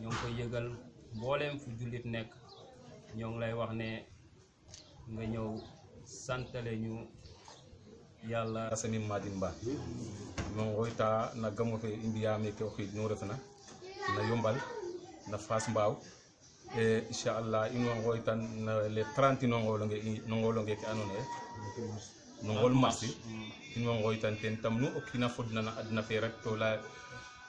ñoo ngi koy yëgal mbooleem fu nekk ñoo ngi lay wax ne nga ñëw santale ñu yàlla asani madimba mon hoyta na gamo fe i mbiyame ke o xiid nu refna na yombal na faas mbaaw e inchallah in way ngooytan le 30 no ngoolonge no ngoolonge yee nongol marsi in way ngoytan teen tam nu o kiina na adna fe rek to la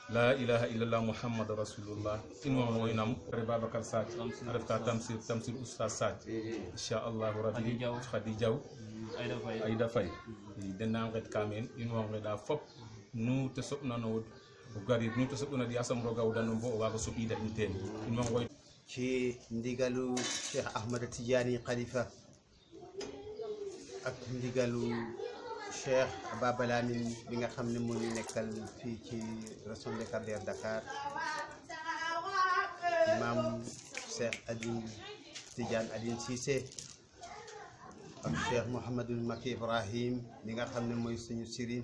la ilaha muhammad rasulullah in way ngoynam re babacar sadj a refka tamsir tamsir oustaz sadj inchallahu rabbi khady diaw ayda faye dena nget ka meen in way ngeda fop nu te soɓna no wod o garir nu te soɓuna yasam roga wodanom bo o waga soɓida in teen in way ngoy ci ndigalu cheikh ahmada tidiani khalifa ak ndigalu Cheikh Baba Lamine bi nga xam ne moo ñu nekkal fii ci région de Cap-Vert Dakar imam Cheikh Alioune Tidiane Alioune Cissé ak Cheikh Mouhamadul Maki Ibrahim bi nga xam ne mooy suñu sëriñ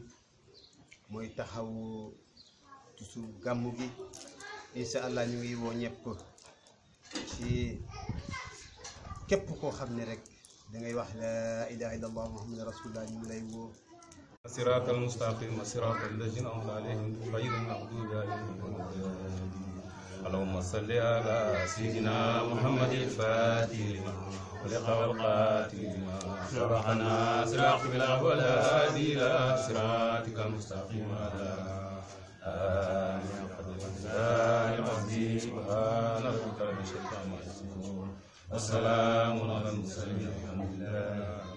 mooy taxawu tusu gàmmu gi incha allah ñu ngi woo ñëpp ci képp koo xam ne rek da ngay wax laa ilaha illa allah muhammadu rasulullah ñu ngi lay woo siraatal mustaqiim siraatal laziina an'amta alayhim ghayril maghduubi alayhim wala ddaalliin اللهم صل على سيدنا محمد الفاتح ولقى والقاتل شرح ناصر بالأحوال هادي إلى صراطك المستقيم على wa salaamun alal mursaliin alhamdulilah